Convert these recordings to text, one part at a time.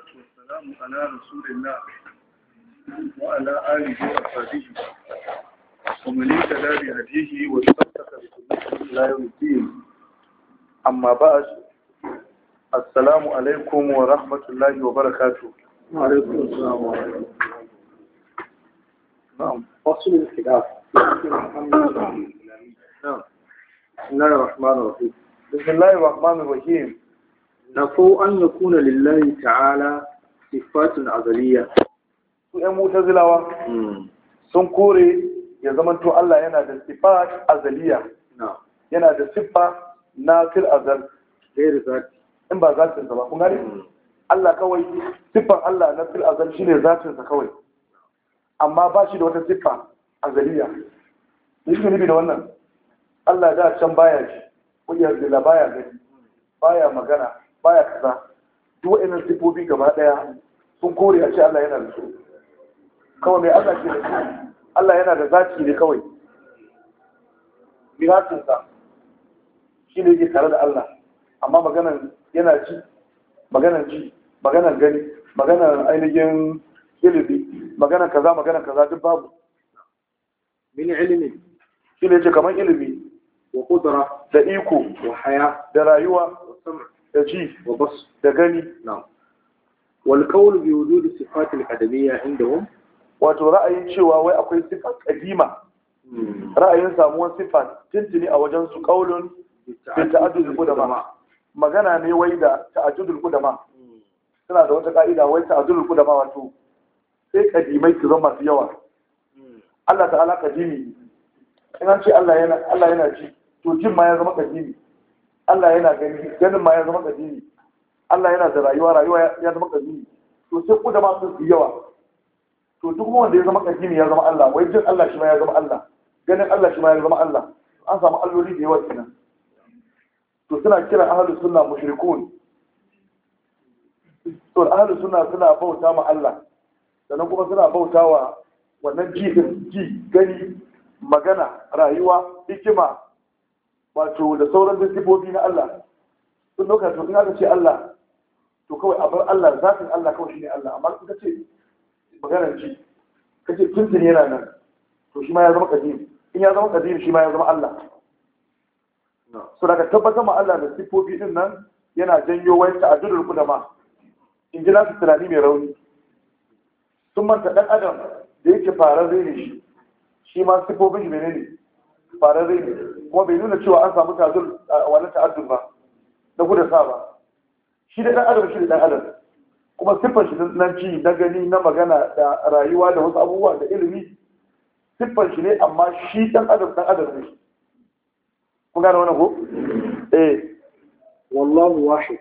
salatu wa salamu ala rasulillah wa ala alihi wa sahbihi wa man yattabi'a bi hadihi wa tasaddaqa bi sabili la yudin amma ba'd assalamu alaykum wa rahmatullahi wa barakatuh wa alaykum assalam wa rahmatullahi wa barakatuh na'am fasl al-kitab bismillahir rahmanir rahim nafau an ya kuna lillahi ta'ala sifatun azaliya su ƴan mutazilawa hmm. sun kore ya zama to Allah yana da sifat azaliya yana da siffa na fil azal gairi zati in ba zatin ba kun gane hmm. Allah kawai siffan Allah na fil azal shine zatin sa kawai amma ba shi da wata siffa azaliya ne shi ne da wannan Allah da can baya ji kuyar da baya gani baya magana baya kaza duk wa'annan sifofi gaba daya sun kore a ce Allah yana da su kawai mai Allah ke da su Allah yana da zaki ne kawai miratinsa shi ne yake tare da Allah amma maganan yana ji maganan ji maganan gani maganan ainihin ilimi maganan kaza maganan kaza duk babu min ilimi shi ne ce kamar ilimi wa kudura da iko wa haya da rayuwa wa sama da ji da gani wal qawl bi wujud sifat al inda indahum wato ra'ayin cewa wai akwai sifat ƙadima. Hmm. ra'ayin samuwar sifat tintini a wajen su qaulun bi da qudama magana ne wai da ta'addud qudama suna da wata ƙa'ida wai ta'addud qudama wato sai ƙadimai su zama masu yawa hmm. Allah ta'ala ƙadimi. in an ce Allah yana ji to jin ma ya zama ƙadimi. Allah yana gani ganin ma ya zama kadiri Allah yana da rayuwa rayuwa ya zama kadiri to sai ku da masu su yawa to duk wanda ya zama kadiri ya zama Allah wai jin Allah shi ma ya zama Allah ganin Allah shi ma ya zama Allah an samu alloli da yawa kenan to suna kira ahlus sunna mushrikun to ahlus sunna suna bauta ma Allah sannan kuma suna bautawa wannan ji ji gani magana rayuwa hikima wato da sauran disibobi na Allah sun ɗauka to in aka ce Allah to kawai a bar Allah zafin Allah kawai shine Allah amma in ka ce maganar ji ka ce tuntun yana nan to shi ma ya zama kadim in ya zama kadim shi ma ya zama Allah so daga tabbatar ma Allah da sifofi din nan yana janyo wani ta'addudul kudama in ji nasu tunani mai rauni sun manta ɗan adam da yake farar rene shi shi ma sifofin shi menene farar rene. ne kuma bai nuna cewa an samu tazul wani ta'addun ba na guda sa ba shi da ɗan adam shi da ɗan adam kuma siffar shi na ji na gani na magana da rayuwa da wasu abubuwa da ilimi siffar shi ne amma shi ɗan adam ɗan adam ne kun gane wani ko eh wallahu wahid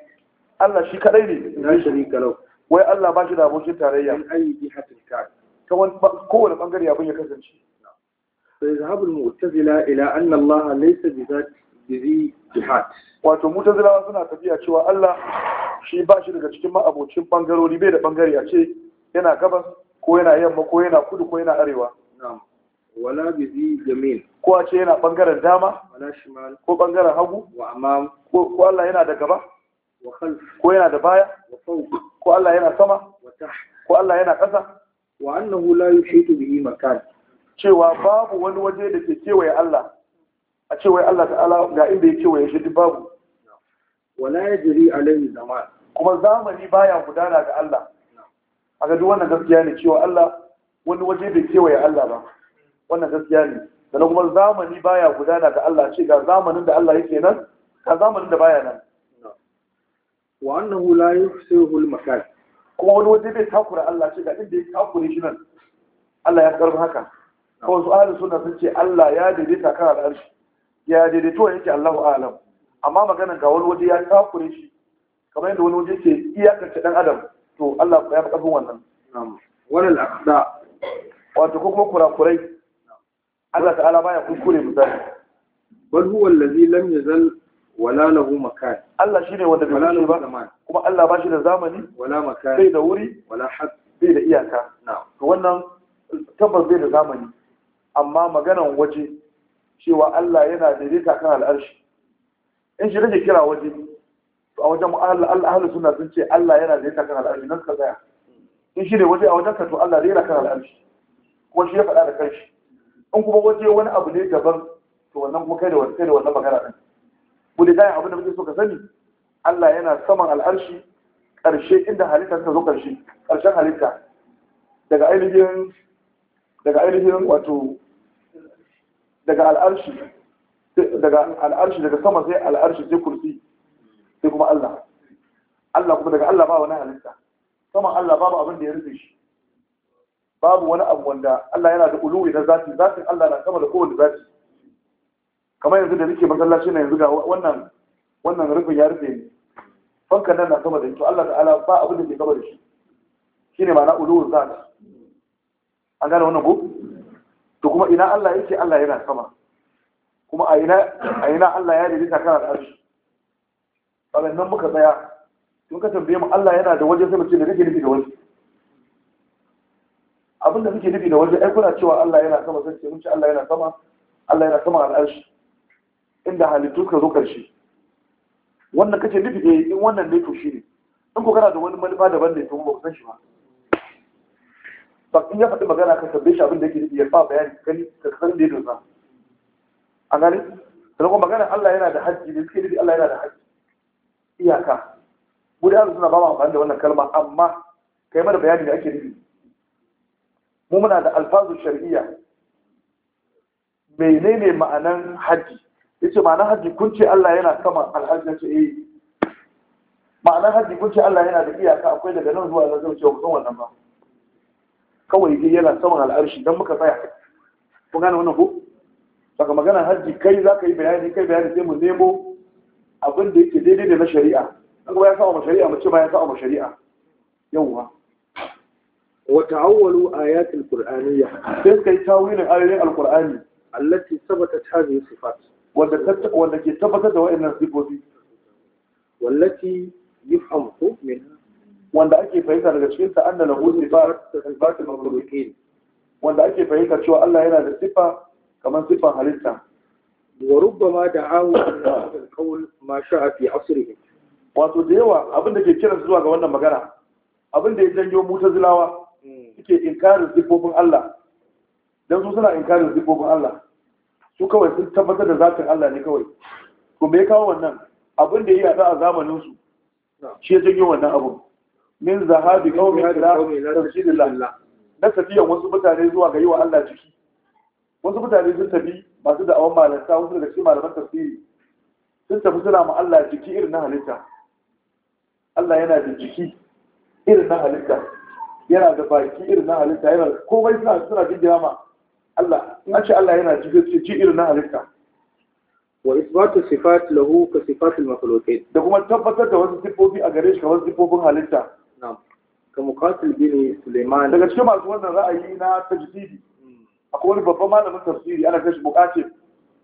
Allah shi kadai ne na shirin lau wai Allah ba shi da abokin tarayya an bi ka ta wani kowane bangare abin ya kasance فيذهب المعتزلة إلى أن الله ليس بذات بذي جهات wato mutazila suna tafiya cewa Allah shi ba shi daga cikin ma'abocin bangarori bai da bangare a ce yana gabas ko yana yamma ko yana kudu ko yana arewa wala bizi jamin ko a ce yana bangaren dama wala ko bangaren hagu ko Allah yana da gaba ko yana da baya ko Allah yana sama ko Allah yana ƙasa wa cewa babu wani waje da ke kewaye Allah a cewa Allah ta'ala ga inda ya kewaye shi duk babu wala yajri alayhi zaman kuma zamani baya gudana ga Allah a ga duk wannan gaskiya ne cewa Allah wani waje bai kewaye Allah ba wannan gaskiya ne sannan kuma zamani baya gudana ga Allah ce ga zamanin da Allah yake nan ka zamanin da baya nan wa annahu la yufsihu al-makan kuma wani waje bai takura Allah ce ga inda ya takure shi nan Allah ya karbi haka kawai ahalin suna sun ce Allah ya daidaita kan al'arshi ya daidaito wa yake Allahu alam amma maganan ga wani waje ya kafure shi kamar yadda wani waje ce iyakance dan adam to Allah ya fi ƙarfin wannan wannan al'aqda wato ko kuma kurakurai Allah ta'ala baya kuskure misali bal huwa allazi lam yazal wala lahu makan Allah shine wanda bai wala ba kuma Allah ba shi da zamani wala makan bai da wuri wala had bai da iyaka na'am to wannan tabbas zai da zamani amma maganan waje cewa Allah yana daidaita kan al'arshi in shi kake kira waje a wajen ahlu sunna sun ce Allah yana daidaita kan al'arshi nan ka tsaya in shi ne waje a wajen ka to Allah daidaita kan al'arshi kuma shi ya faɗa da kanshi in kuma waje wani abu ne daban to wannan kuma kai da wani kai da wannan magana din ku da gaya abin da muke so ka sani Allah yana saman al'arshi ƙarshe inda halitta ta zo ƙarshe ƙarshen halitta daga ainihin daga ainihin wato daga al'arshi daga al'arshi daga sama sai al'arshi sai kursi sai kuma Allah Allah kuma daga Allah ba wani halitta sama Allah babu abin da ya rufe shi babu wani abu wanda Allah yana da uluwi na zati zatin Allah na sama da kowane zati kamar yanzu da nake masallaci na yanzu ga wannan wannan rufin ya rufe ni fankan nan na sama da shi to Allah ta'ala ba abin da ke gaba da shi shine ma'ana uluwul zati an gane wannan ko to kuma ina Allah yake Allah yana sama kuma a ina Allah ya daidaita kan al'arshi ɓarin nan muka tsaya tun ka tambaye mu Allah yana da waje sai mu ce da kake nufi da waje abin da muke nufi da waje ai kuna cewa Allah yana sama sai mun ce Allah yana sama Allah yana sama al'arshi inda halittu ka zo karshe wannan kace nufi eh in wannan ne to shine in ko kana da wani manufa daban ne to ba ku san shi ba ba in ya faɗi magana ka tambaye shi abin da yake ya ba bayani ka gani ka san da yadda a gani sannan magana Allah yana da haji ne suke da Allah yana da haji iyaka gudu yanzu suna ba mu amfani da wannan kalma amma kai mana bayani da ake nufi mu muna da alfazu shar'iyya menene ma'anan haji yace ma'anan haji kun ce Allah yana sama alhaji ce eh ma'anan haji kun ce Allah yana da iyaka akwai daga nan zuwa nan zai ce wannan ba kawai dai yana saman al'arshi don muka tsaya kun gane wannan ko saka magana hajji kai za ka yi bayani kai bayani sai mu nemo abin da yake daidai da na shari'a an kuma ya sa ma shari'a mace ba ya sa ma shari'a yawwa wa ta'awwalu ayat al-qur'aniyya sai kai tawilin ayoyin al-qur'ani allati sabatat hadhihi sifat wanda wanda ke tabbatar da wa'annan sifofi wallati yafhamu minha wanda ake fahimta daga cikin sa annana hu sifar sifatul makhluqin wanda ake fahimta cewa Allah yana da sifa kamar sifan halitta wa rubbama da'awu al qawl ma sha'a fi asrihi wato da yawa abin da ke kira zuwa ga wannan magana abin da ya janyo mutazilawa hmm. suke inkarin sifofin Allah dan su suna inkarin sifofin Allah su kawai sun tabbatar da zatin Allah ne kawai kuma ya kawo wannan abin da ya yi a zamanin su shi ya janyo wannan abin min zahabi qaumi ila tasjidillah na tafiyan wasu mutane zuwa ga yiwa Allah ciki wasu mutane sun tafi masu da'awan malanta wasu daga cikin malaman tafsiri sun tafi suna ma Allah jiki irin na halitta Allah yana da jiki irin na halitta yana da baki irin na halitta yana komai suna suna jin ma Allah in an ce Allah yana ciki irin na halitta wa isbatu sifat lahu ka sifatil makhluqin da kuma tabbatar da wasu sifofi a gare shi kamar sifofin halitta ga mukatil bin Suleiman daga cikin masu wannan ra'ayi na tajdidi akwai wani babban malamin tafsiri ana kashi bukatin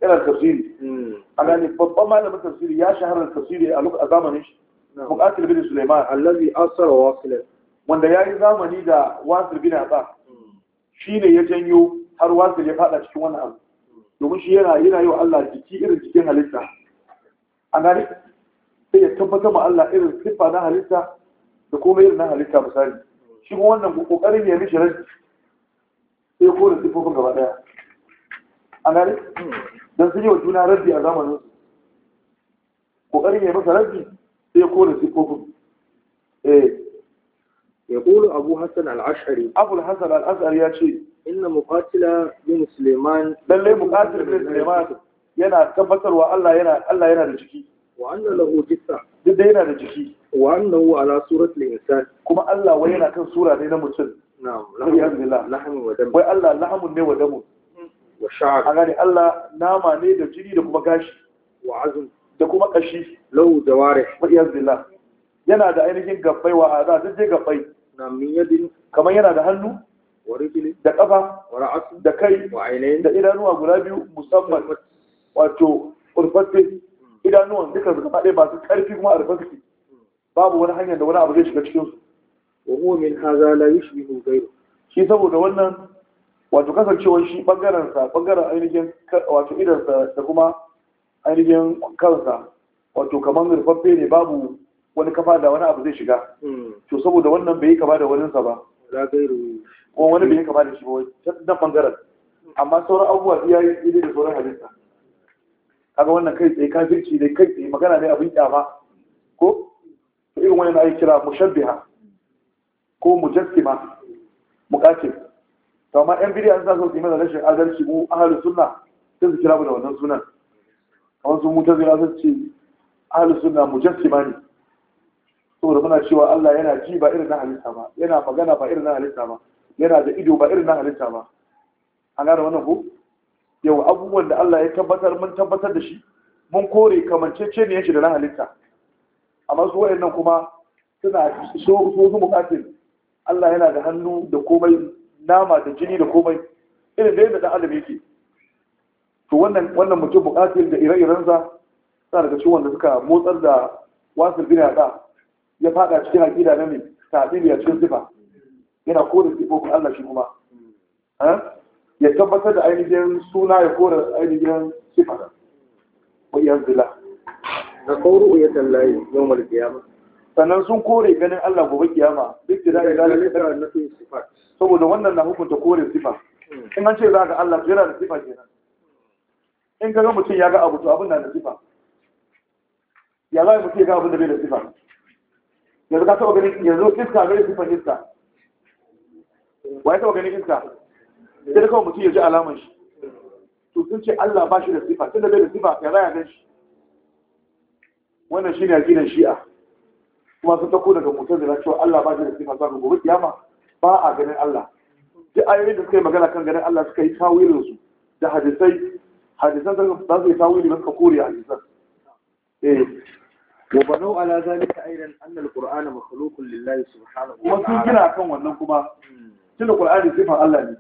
irin tafsiri hmm. a gani babban malamin tafsiri ya shahara da tafsiri a lokacin zamanin shi bukatil bin Suleiman allazi asara wasil wanda yayi zamani da wasil bin Aba hmm. shine ya janyo har wasil ya fada cikin wannan abu hmm. domin shi yana yana yi wa Allah jiki irin jikin halitta a gani sai ya tabbatar ma Allah irin siffa na halitta da komai irin na halitta misali shi kuma wannan kokarin ya mishi rai sai ko da sifofin gaba daya a gane don sun yi wa juna rabbi a zamanin su kokarin ya masa rabbi sai ko da sifofin ya kuru eh. abu hassan al abu hassan al ya ce inna mukatila bin suleiman lalle muqatil bin suleiman yana tabbatarwa Allah yana da jiki wa anna lahu jissa duk da yana da jiki wa annahu ala suratul insan kuma Allah wai yana kan sura ne na mutum na'am lahamu wa wai Allah lahamun ne wa damu wa sha'ar Allah nama ne da jini da kuma gashi da kuma kashi lahu jawarih wa yazillah yana da ainihin gabbai wa azza duk dai gabbai kamar yana da hannu wa rijli da kafa wa ra'su da kai da idanuwa guda biyu musamman wato hmm. idanuwan masu kuma a babu wani hanyar da wani abu zai shiga cikin su wa huwa min hadha la yushbihu ghayru shi saboda wannan wato kasancewar shi bangaren sa bangaren ainihin wato idan sa da kuma ainihin kansa wato kamar rufaffe ne babu wani kafa da wani abu zai shiga hmm. to saboda wannan bai yi kama da sa ba la ghayru ko wani bai yi kama da shi ba ta bangaren amma sauran abubuwa iya yi da sauran halitta kaga wannan kai tsaye kafirci ne kai tsaye magana ne abin kyama ko irin wani na yi kira mushabbiha ko mujassima muqatil to amma yan bidiyar suna son su mana rashin adalci mu ahlus sunna sun su kira mu da wannan sunan kamar mutu mutazila sun ce ahlus sunna mujassima ne saboda muna cewa Allah yana ji ba irin na halitta ba yana magana ba irin na halitta ba yana da ido ba irin na halitta ba an gane wannan ko yau abubuwan da Allah ya tabbatar mun tabbatar da shi mun kore kamancece ne shi da na halitta amma su wayannan kuma suna so su bukatin Allah yana da hannu da komai nama da jini da komai irin da yadda dan adam yake to wannan wannan mutum bukatin da ire-iren sa sa daga cikin wanda suka motsar da wasil bin yada ya fada cikin aqida na ne ta'dili a cikin sifa yana kore sifofin Allah shi kuma eh? ya tabbatar da ainihin suna ya kore ainihin sifa wa yanzu la da kauru ya tallaye yau mal kiyama sannan sun kore ganin Allah gobe kiyama duk da zai lalata na sun sifa saboda wannan na hukunta kore sifa hmm. in an ce za ga Allah jira da sifa kenan in ka ga mutum ya ga abu to abin na da sifa ya za mutum ya ga abin da bai da sifa yanzu ka taɓa ganin yanzu iska bai sifa iska wa ya taɓa ganin iska sai da kawai mutum ya ji alaman shi to sun ce Allah ba shi da sifa tunda bai da sifa ya za ya gan shi wannan shi ne aƙidan shi'a kuma sun tako daga mutum da na cewa Allah ba shi da sifa sa gobe kiyama ba a ganin Allah duk ayoyin da suka yi magana kan ganin Allah suka yi tawilin su da hadisai hadisan za su yi tawilin ba suka kore hadisan eh وبنوا على ذلك أيضا أن القرآن Lillahi لله سبحانه وتعالى Wasu كنا kan wannan kuma tun Qur'ani sifan Allah ne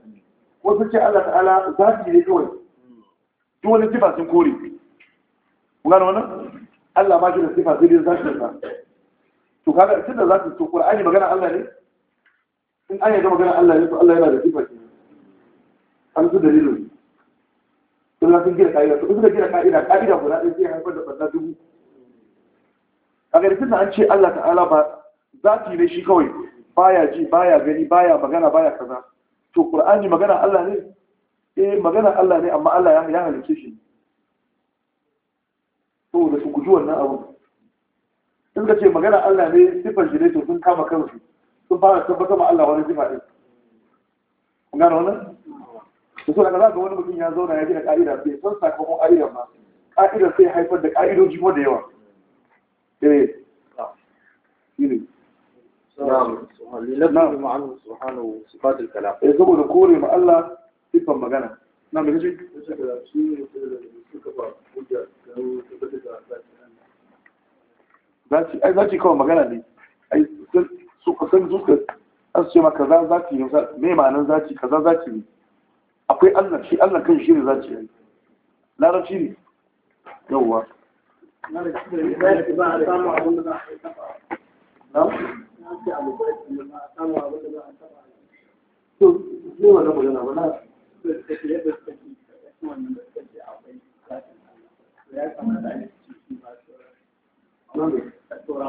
wasu ce Allah ta'ala zati ne kawai duk wani sifa sun kore ku gano wannan Allah ma shi da sifa sai dai zashi sa to kaga tunda za su to Qur'ani magana Allah ne in an yaga magana Allah ne to Allah yana da sifa ke an su dalilu to la sun gina ka'ida to suka gina ka'ida ka'ida guda ɗaya sai haifar da banna dubu kaga da tunda an ce Allah ta'ala ba zati ne shi kawai baya ji baya gani baya magana baya kaza to Qur'ani magana Allah ne eh magana Allah ne amma Allah ya halice shi to da su soki wannan abu in ce magana Allah ne sifan shi ne to sun kama kansu sun fara tabbatar ma Allah wani sifa ɗin kun gano wannan to so daga zaka wani mutum ya zauna ya gina ka'ida sai san sakamakon ka'idar ma ka'idar sai haifar da ka'idoji da yawa eh shine na'am lillahi ma'anu subhanahu sifatul kalam eh saboda kore ma za ci kawai magana ne ai su kusan zuka an su ce maka za za ci ne mai manan za ci kaza za ci ne akwai allah shi allah kan shi ne za ci ne larabci ne yawwa ya kamata a yi ai duk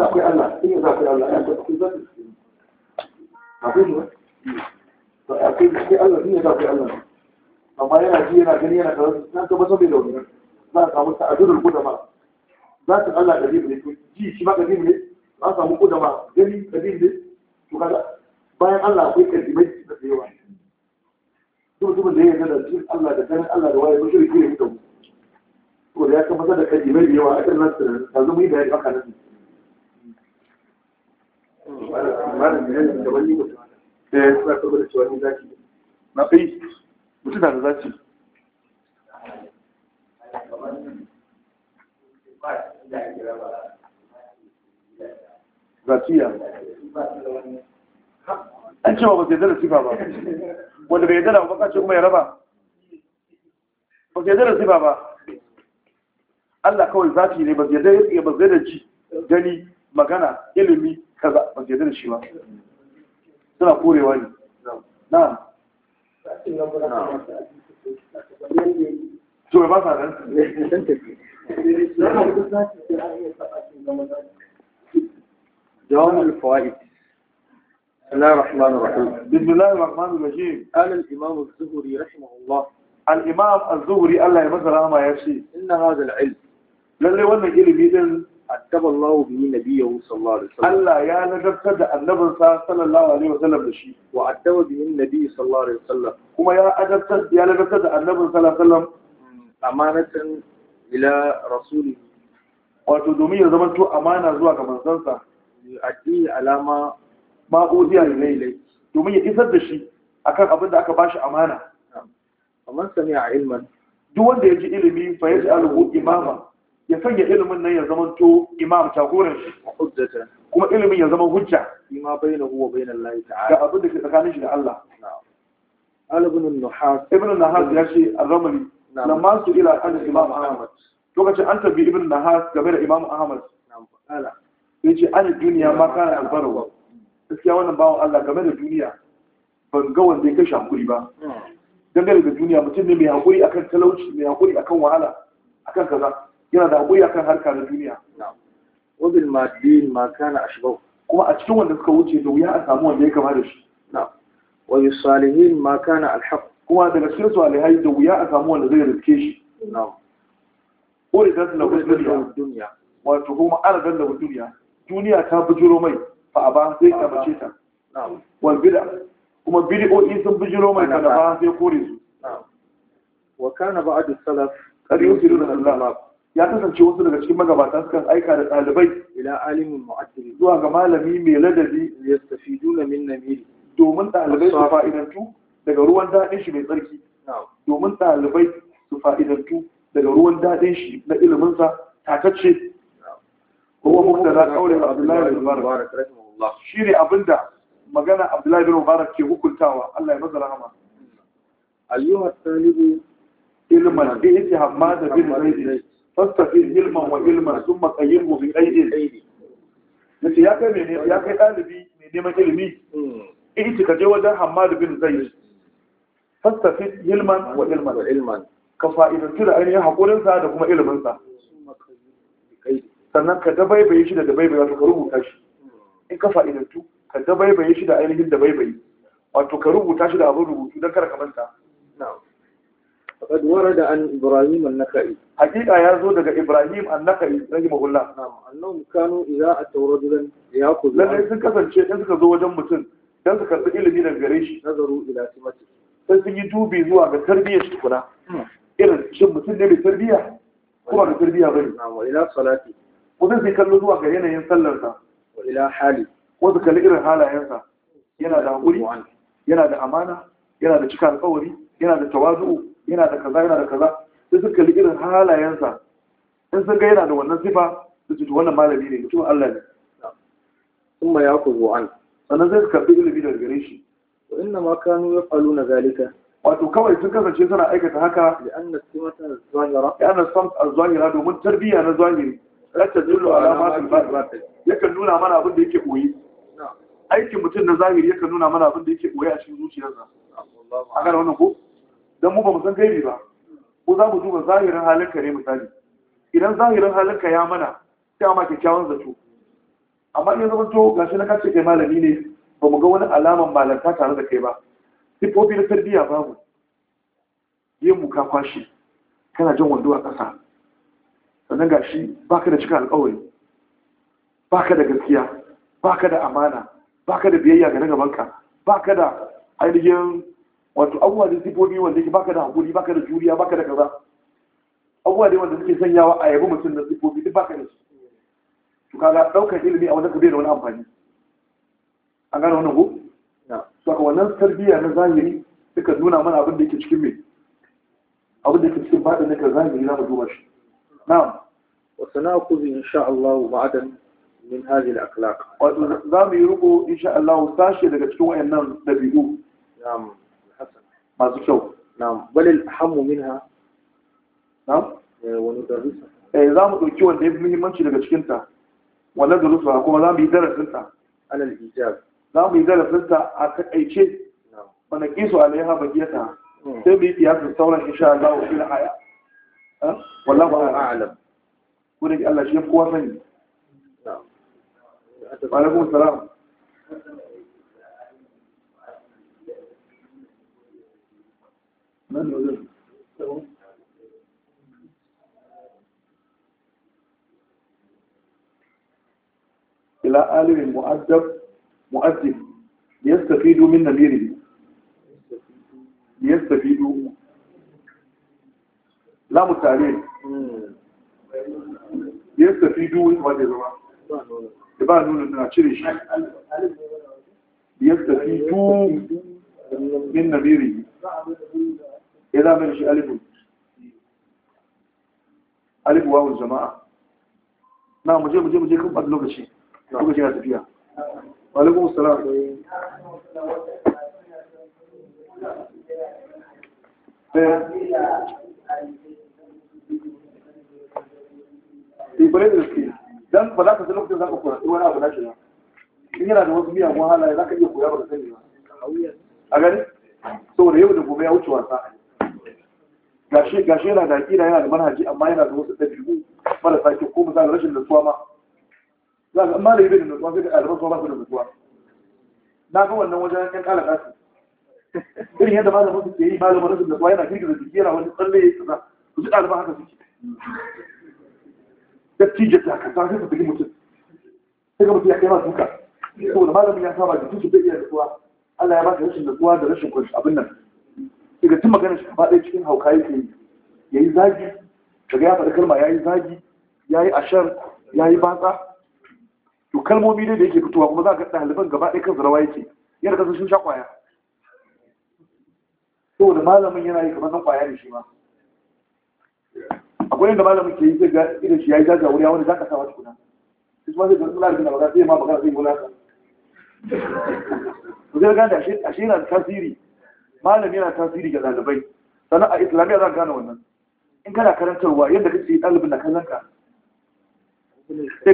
akwai Allah za yanzu akwai Allah ya akwai za su su akwai ne ba akwai kai Allah in yanzu akwai Allah amma yana ji yana gani yana kaza nan ta masa bai da wani za a samu ta'adurul ma, za su Allah kadim ne to ji shi ma kadim ne za a samu ma gani kadim ne to kaga bayan Allah akwai kadimai da yawa duk mutumin da ya yarda da jin Allah da ganin Allah da waye ba shi da ke da mutum ko da ya kama da kaji mai yawa a kan nan tsirin ta zama yi da eh, da ya da na mutum da an cewa ba zai zara sifa ba wanda bai zara ba ya raba ba zai zara sifa ba Allah kawai zafi ne ba zai da gani magana ilimi kaza ba zai da shi ba suna korewa ne na to ba sa ran Jawamul Fawaid بسم الله الرحمن الرحيم بسم الله الرحمن الرحيم قال الإمام الزهري رحمه الله الإمام الزهري الله يمزل عما يشي إن هذا العلم lallai wannan ilimi din addaballahu bihi nabiyyu sallallahu alaihi wasallam Allah ya ladabtar da annabin annabinsa sallallahu alaihi wasallam da shi wa addaba bihi nabiyyu sallallahu alaihi wasallam kuma ya adabtar ya ladabtar da annabin sallallahu alaihi wasallam amanatan ila rasuli wato domin ya zama to amana zuwa ga manzansa addi alama ma uziya ilayhi domin ya isar da shi akan abin da aka bashi amana amman a ilman duk wanda ya ji ilimi fa yaj'aluhu imama ya sanya ilimin nan ya zama to imam jagoran shi kuma ilimin ya zama hujja ima bainahu wa bainal lahi ta'ala ga abin da ke tsakanin shi da Allah na'am ibn an-nahas ibn an-nahas ya ce al ramli lamma su ila kan imam ahmad lokacin an tabi ibn an-nahas game da imam ahmad ya ce yace an duniya ma kana albarawa gaskiya wannan bawon Allah game da duniya ban ga wanda ya kashe hakuri ba dangane da duniya mutum ne mai hakuri akan talauci mai hakuri akan wahala akan kaza yana da abuya kan harka na duniya Wajen madin ma kana shigar. kuma a cikin wanda suka wuce da wuya a samu wanda ya kama da shi Wani salihin ma kana alhaq kuma daga cikin salihai da wuya a samu wanda zai riske shi ori da na duniya wato kuma ana da duniya duniya ta bujiro mai fa ba sai ka bace ta wal bid'a kuma bid'o'i sun bujiro mai kana ba sai kore su wa kana ba'd salaf qad yusiru Allah ya kasance wasu daga cikin magabata kan aika da ɗalibai ila alimin mu'addili zuwa ga malami mai ladabi ya tafi juna min na namiri domin ɗalibai su fa'idantu daga ruwan daɗin shi mai tsarki domin ɗalibai su fa'idantu daga ruwan daɗin shi na iliminsa takacce kuma mukta za kaure da abdullahi bin mubarak shi ne abinda magana abdullahi bin mubarak ke hukuntawa allah ya maza rahama ayyuhat talibu ilman bi ijhamma da bin zaidi fastafin ilman wa ilman sun matsayin mu bi aidin nace ya kai mene ya kai dalibi mai neman ilimi in ci kaje wajen Hammad bin Zaid fastafin ilman wa ilman wa ilman ka fa'idantu da ainihin haƙurinsa da kuma ilmansa, sannan ka dabaibaye shi da dabaibaye wato ka rubuta shi in ka fa'idantu ka dabaibaye shi da ainihin dabaibaye wato ka rubuta shi da abin rubutu don kar ka manta وقد ورد عن إبراهيم النخعي حقيقة يا زود إبراهيم النخعي رحمه الله نعم أنهم كانوا إذا أتوا رجلا ليأخذ لأن إذا كسر شيء إذا كسر وجه متن إذا كسر إلى من الجريش نظروا إلى سمته فإن يجوبي زوا بتربية شكرا إذا شو متن نبي تربية kuma da tarbiya bane na'am wa ila salati wanda sai kallo zuwa ga yanayin sallarsa wa ila hali wanda kalli irin halayensa yana da hakuri yana da amana yana da cika alƙawari yana da tawazu'u yana da kaza yana da kaza sai su kalli irin halayensa in sun ga yana da wannan sifa su ce wannan malami ne mutum Allah ne kuma ya ku an sannan sai su karbi ilimi daga gare shi wa inna ma kanu na zalika wato kawai sun kasance suna aikata haka da anna simata az-zahira ya anna samt az-zahira domin tarbiyya na zahiri rata tadullu ala ma fil batin yakan nuna mana abin da yake koyi aikin mutum na zahiri yakan nuna mana abin da yake koyi a cikin zuciyarsa Allahu akbar wannan ko don mu ba mu san gaibi ba ko za mu duba zahirin halinka ne misali idan zahirin halinka ya mana sai a ma kyakkyawan zato amma in zama to gashi na kace kai malami ne ba mu ga wani alaman malanta tare da kai ba sifofi na tarbiyya babu yin mu ka kwashe kana jan wando a ƙasa sannan gashi baka da cika alƙawari baka da gaskiya baka da amana baka da biyayya ga na gabanka baka da ainihin wato abubuwa da sifofi wanda ke baka da hakuri baka da juriya baka da kaza abubuwa da wanda suke sanyawa a yabi mutum da sifofi duk baka da su to kaga daukar ilimi a wajen ka bai da wani amfani an gane wannan ko ka wannan tarbiyya na zahiri suka nuna mana abin da yake cikin mai abin da yake cikin baɗin na ka zahiri za mu duba shi na'am wa sana'akuzu insha Allah ba'dan min hadhihi al-akhlaq wato za mu yi ruko insha Allah sashe daga cikin wayannan dabi'u na'am masu kyau na balil hamu minha na'am eh, wani darussa eh, za mu ɗauki wanda ya fi muhimmanci daga cikinta wanda darussa kuma za mu yi darasinta alal ijab za mu yi darasinta a taƙaice wanda kisu alaiha bagiyata hmm. sai mu yi kiyasin sauran insha Allah wa fil aya eh? wallahu a'lam wurin Allah shi ya kowa sani wa alaikum salam من إلى عالم المؤدب مؤدب ليستفيد من نبيره ليستفيد لا متعليم ليستفيد يبقى نقول ان اشتري شيء من نبيره ya eh, zama shi alifu alifu wawon jama'a na muje muje muje kan lokaci lokaci na tafiya alaikun salam ibrahim eh, eh, da suke dan ba za ka san lokacin za ka kura wani abu na shi ba in yana da wasu miyagun ya za ka iya koya ba da sani ba a gani saboda yau da gobe ya wuce wasa gashi gashi yana da aƙida yana da manhaji amma yana da wasu ɗabi'u marasa kyau ko misali rashin nutsuwa ma za ga amma da yi da nutsuwa sai da ɗaliban ba su da nutsuwa na ga wannan wajen 'yan ƙala ƙasa irin yadda malamin su ke yi malamin rashin nutsuwa yana girgiza jiki yana wani tsalle ya kaza ku ji ɗaliban haka suke dattijo ta kasa sai su bugi mutum sai ga mutum ya kai ma duka saboda malamin ya saba da su bai iya nutsuwa Allah ya ba ka rashin nutsuwa da rashin kwanci abin nan daga tun magana shi ba ɗaya cikin hauka yake yi ya yi zagi daga ya faɗi kalma ya yi zagi ya yi ashar ya yi batsa to kalmomi ne da yake fitowa kuma za ka gaɗa ɗaliban gaba ɗaya kan zarawa yake yana kasar sun sha kwaya da malamin yana yi kamar nan kwaya ne shi ma akwai yadda malamin ke yi zai ga irin shi ya yi a wuri wani za ka sawa shi kuna su ma zai ga tsula da magana zai ma magana zai gona ka ku zai gane ashe yana tasiri malami yana tasiri ga ɗalibai sannan a islamiyya za ka gane wannan in kana karantarwa yadda kake dalibin na kallon ka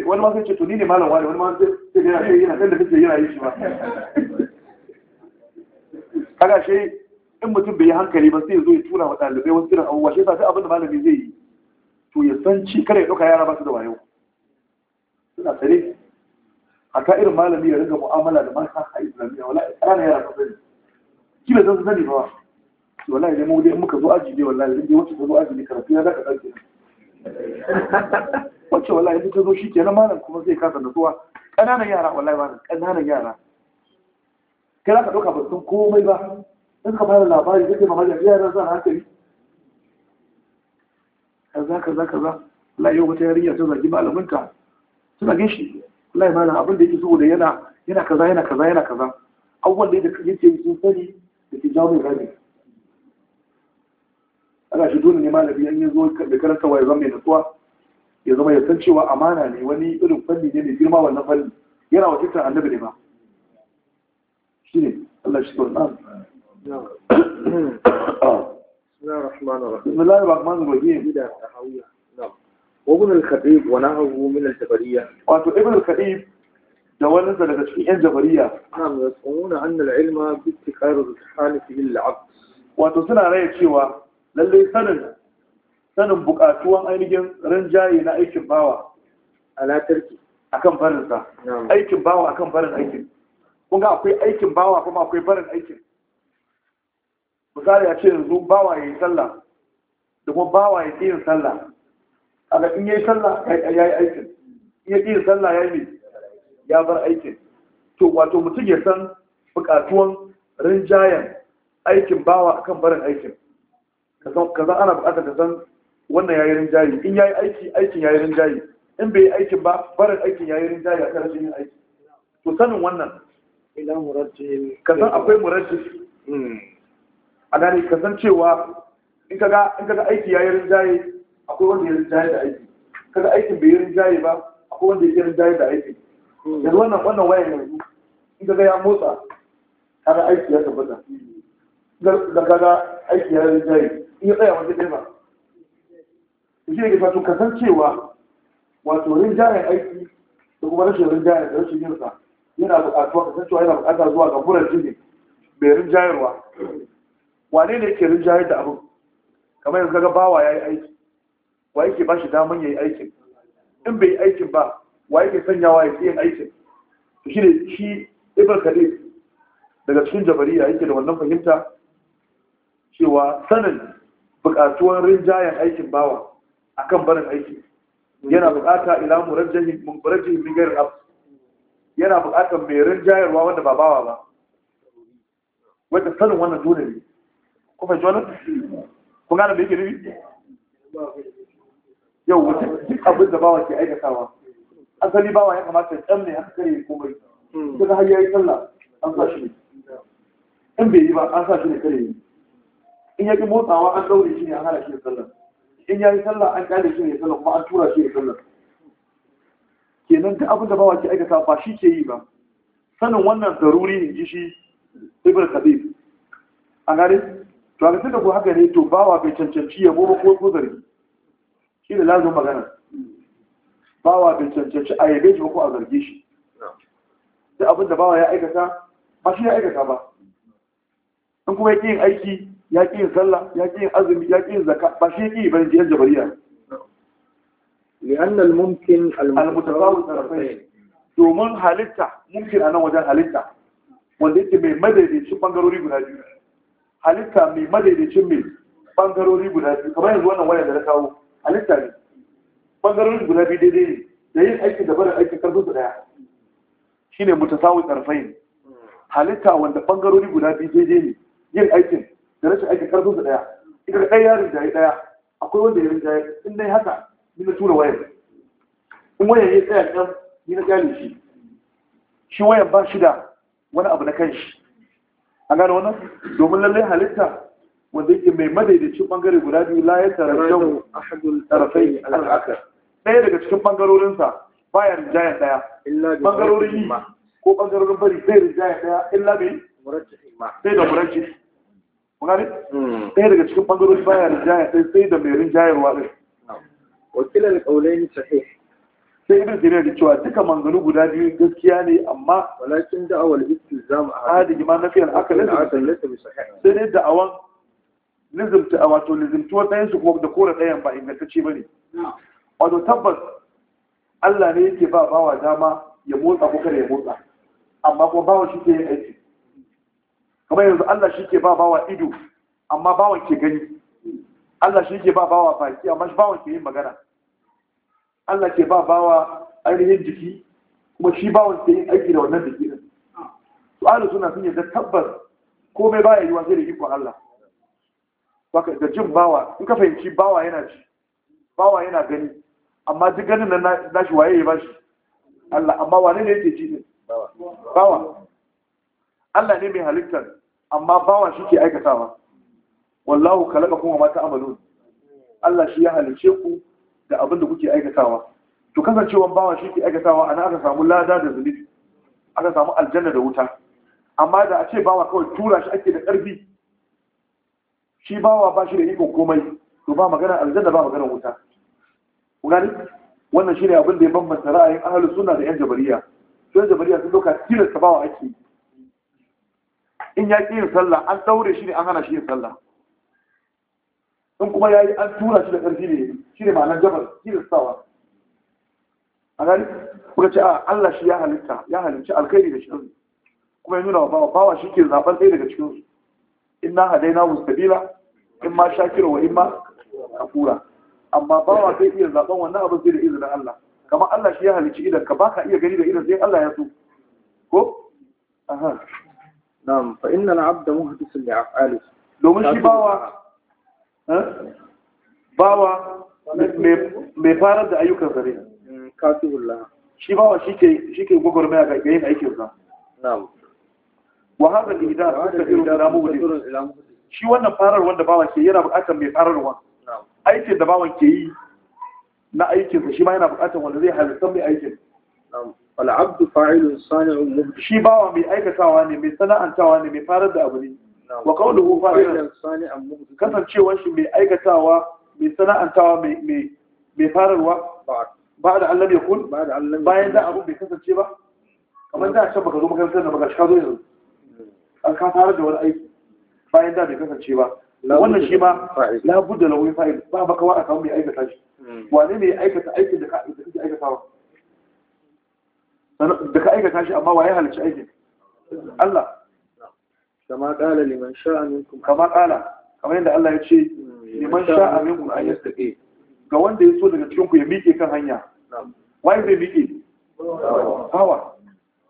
wani ma sai ce to ni ne malam wani wani ma sai yana sai yana sai da kake yana yi shi ba kaga shi in mutum bai yi hankali ba sai ya zo ya tura wa ɗalibai wasu irin abubuwa shi yasa sai abin da malami zai yi to ya san ci kada ya ɗauka yara ba su da wayo suna tare a ka irin malami ya riga mu'amala da mata a islamiyya wala ƙananan yara ka sani kila zan san sani ba wallahi ne mu dai muka zo ajiye wallahi dai wacce ta zo ajiye karatu ya zaka dauke wacce wallahi duk zo shi kenan malam kuma zai kasa nutsuwa ƙananan yara wallahi malam ƙananan yara kai za ka ɗauka ba sun komai ba in ka fara labari zai kai mamaki yaran zan hankali kaza kaza kaza la yau wata yarinya sun zagi malaminta suna gan shi wallahi malam abin da yake da yana yana kaza yana kaza yana kaza abubuwan da yake sun sani da ke jawo mai rabi ana shi dole ne malami an yi zo da karantarwa ya zama mai natsuwa ya zama ya san cewa amana ne wani irin fanni ne mai girma wannan fanni yana wakiltar annabi ne ba shi ne Allah shi kawai nan بسم الله الرحمن الرحيم وابن الخطيب ونهره من الجبرية وابن الخطيب da wani daga cikin yan jabariya na'am yasumuna anna al-ilma bi istiqrar al-halifi lil 'abd wato suna raya cewa lallai sanin sanin bukatuwan ainihin ranjaye na aikin bawa ala tarki akan barin sa aikin bawa akan barin aikin kun ga akwai aikin bawa kuma akwai barin aikin misali a ce yanzu bawa ya yi sallah da kuma bawa ya yin sallah ga in yi sallah ya yi aikin in ya yin sallah ya yi mai. ya bar aikin to wato mutum ya san bukatuwan rinjayen aikin bawa akan barin aikin ka zan ana bukatar ka san wannan yayi rinjaye in yayi aiki aikin yayi rinjaye in bai yi aikin ba barin aikin yayi rinjaye a karshen yin aiki to sanin wannan ka san akwai murajjih a gane ka san cewa in ka in kaga aiki yayi rinjaye akwai wanda ya rinjaye da aiki ka ga aikin bai yi rinjaye ba akwai wanda ya rinjaye da aiki yanzu wannan wannan wayan yanzu in ga ya motsa kaga aiki ya tabbata da kaga aiki ya rinjaye in ya tsaya wanda ɗaya ba shi ne fato kasancewa wato rinjayen aiki da kuma rashin rinjayen da rashin yinsa yana buƙatuwa kasancewa yana buƙata zuwa ga burar jini mai rinjayarwa wane ne ke rinjayar da abu kamar yanzu ga bawa ya yi aiki wa yake ba shi daman ya yi aikin in bai yi aikin ba wa yake sanyawa ya yin aikin shi ne shi ibar kade daga cikin jabariya yake da wannan fahimta cewa sanin buƙatuwar rinjayen aikin bawa akan barin aiki yana buƙata ila murajjahi murajjahi min ab yana bukatar mai rinjayarwa wanda ba bawa ba wanda sanin wannan dole ne kuma fahimci wannan Kuma da bai gini yau wata duk abin da bawa ke aikatawa asali bawa ya kamata ya tsamme a kare ya komai hmm. daga har yi sallah an sa shi ne in bai yi ba an sa shi ne kare in ya ki motsawa an daure shi ne an hana shi ya sallah in ya yi sallah an ƙyale shi ne ya sallah kuma an tura shi ya sallah kenan duk abin da bawa ke aikata ba shi ke yi ba sanin wannan zaruri ne ji shi ibn khabib a gare to a ga tunda ko haka ne to bawa bai cancanci yabo ba ko zargi shi ne lazo magana bawa bai cancanci a yabe shi ko a zarge shi da abin da bawa ya aikata ba shi ya aikata ba in kuma ya yin aiki ya ƙi yin sallah ya ƙi yin azumi ya ƙi yin zakka, ba shi ya ƙi ba ne jiyar jabariya لأن الممكن المتفاوت طرفين domin halitta mumkin a nan wajen halitta wanda yake mai madaidaicin bangarori guda biyu halitta mai madaidaicin mai bangarori guda biyu kamar yanzu wannan waya da na kawo halitta ne bangarorin guda biyu daidai ne da yin aiki da barin aiki karfin su daya ne mutasawun karfai halitta wanda bangarori guda biyu daidai ne yin aikin da rashin aikin karfin su daya ita da ɗaya yarin jaye ɗaya akwai wanda ya rinjaye in dai haka ni na tura wayar in wayan ya tsaya ɗan ni na kyale shi shi wayan ba shi da wani abu na kan shi A gano wannan domin lallai halitta wanda yake mai madaidaicin bangare guda biyu la ya a ahadul tarafai al'akar ɗaya daga cikin bangarorinsa baya rinjaya ɗaya bangarorin yi ko bangarorin bari zai rinjaya ɗaya illa mai sai da murajji magani hmm. ɗaya daga cikin bangarorin baya rinjaya ɗaya sai da mai rinjayarwa ɗin wakilar ƙaunayin sahih sai ibn jarir da cewa duka manzanu guda biyu gaskiya ne amma walakin da'awar istizam a hadi ma nafiyar akalin sai ne da'awan lizimta a wato lizimtuwar ɗayan su kuma da kore ɗayan ba ingantacce ba ne wato tabbas Allah ne yake ba bawa dama ya motsa ko kada ya motsa amma kuma bawa shi ke yin aiki kamar yanzu Allah shi ke ba bawa ido amma bawan ke gani Allah shi ke ba bawa baki amma shi bawan ke yin magana Allah ke ba bawa ainihin jiki kuma shi bawan ke yin aiki da wannan jiki din suna sun yadda tabbas komai baya wa sai da ikon Allah da jin bawa in ka fahimci bawa yana ci bawa yana gani amma duk ganin nan shi waye ya bashi Allah amma wane ne yake ci ne bawa Allah ne mai halittar amma bawa shi ke aikatawa wallahu kalaka kuma mata amalun Allah shi ya halice ku da abin da kuke aikatawa to kasancewan bawa shi ke aikatawa ana aka samu lada da zunubi aka samu aljanna da wuta amma da a ce bawa kawai tura shi ake da ƙarfi shi wa ba shi da ikon komai to ba magana aljanna ba magana wuta ku gani wannan shi ne abin da ya bambanta ra'ayin ahalus sunna da yan jabariya to yan jabariya sun doka tilasta bawa ake in ya ƙi yin sallah an daure shi ne an hana shi yin sallah in kuma ya yi an tura shi da karfi ne shi ne ma'anar jabar tilastawa a gani kuka ce a Allah shi ya halitta ya halicci alkhairi da shirin kuma ya nuna wa bawa bawa shi ke zaɓen ɗaya daga cikinsu inna hadainahu in ma shakira wa imma kafura amma bawa zai iya zaɓan wannan abin zai da izinin Allah kamar Allah shi ya halicci idan ka baka iya gani da idan sai Allah ya so ko aha na'am fa inna al-abda muhdisun li af'ali domin shi bawa bawa mai farar da ayyukan sa ne kasibullah shi bawa shi ke shi ke gwagwarmaya ga yin aikin sa na'am wa da al-ihdath mustaqirun ila mubdi shi wannan farar wanda bawan ke yana buƙatar mai fararwa aikin da bawan ke yi na aikin shi ma yana buƙatar wanda zai halitta mai aikin al-abdu fa'ilun sani'un mubdi shi bawa mai aikatawa ne mai sana'antawa ne mai farar da abu ne wa qawluhu fa'ilun sani'un mubdi kasancewar shi mai aikatawa mai sana'antawa mai fararwa ba da Allah ya kun bayan da abu bai kasance ba kamar da a can baka zo makarantar da baka shiga zo yanzu ka fara da wani aiki bayan da bai kasance ba wannan shi ma labudda lauyi fa'il ba makawa a samu mai aikata shi hmm. wane ne aikata aikin da kake aikata wa? da ka aikata shi amma waye halicci aikin Allah kama kala liman sha'a minkum kama kala kamar yadda Allah ya ce hmm, liman sha'a minkum an yastaqi ga wanda ya so daga cikin ku ya miƙe kan hanya waye zai miƙe bawa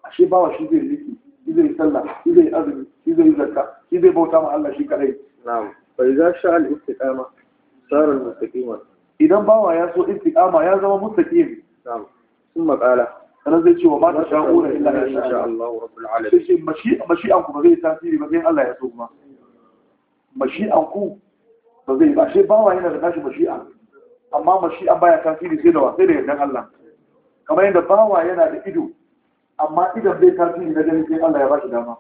ashe bawa shi zai miƙe shi zai sallah shi zai azumi shi zai zakka shi zai bauta ma Allah shi kadai na'am fa idza sha al istiqama sara al mustaqima idan bawa ya so istiqama ya zama mustaqim na'am sun maƙala sanan zai ce wa ma ta sha'ura illa in sha Allah rabbul alamin shi mashi'an ku ba zai tasiri ba sai Allah ya so kuma mashi'an ku ba zai ba shi bawa yana da tashi mashi'a amma mashi'a baya tasiri sai da wa sai da yardan Allah kamar yadda bawa yana da ido amma idan zai tasiri na ganin sai Allah ya ba shi dama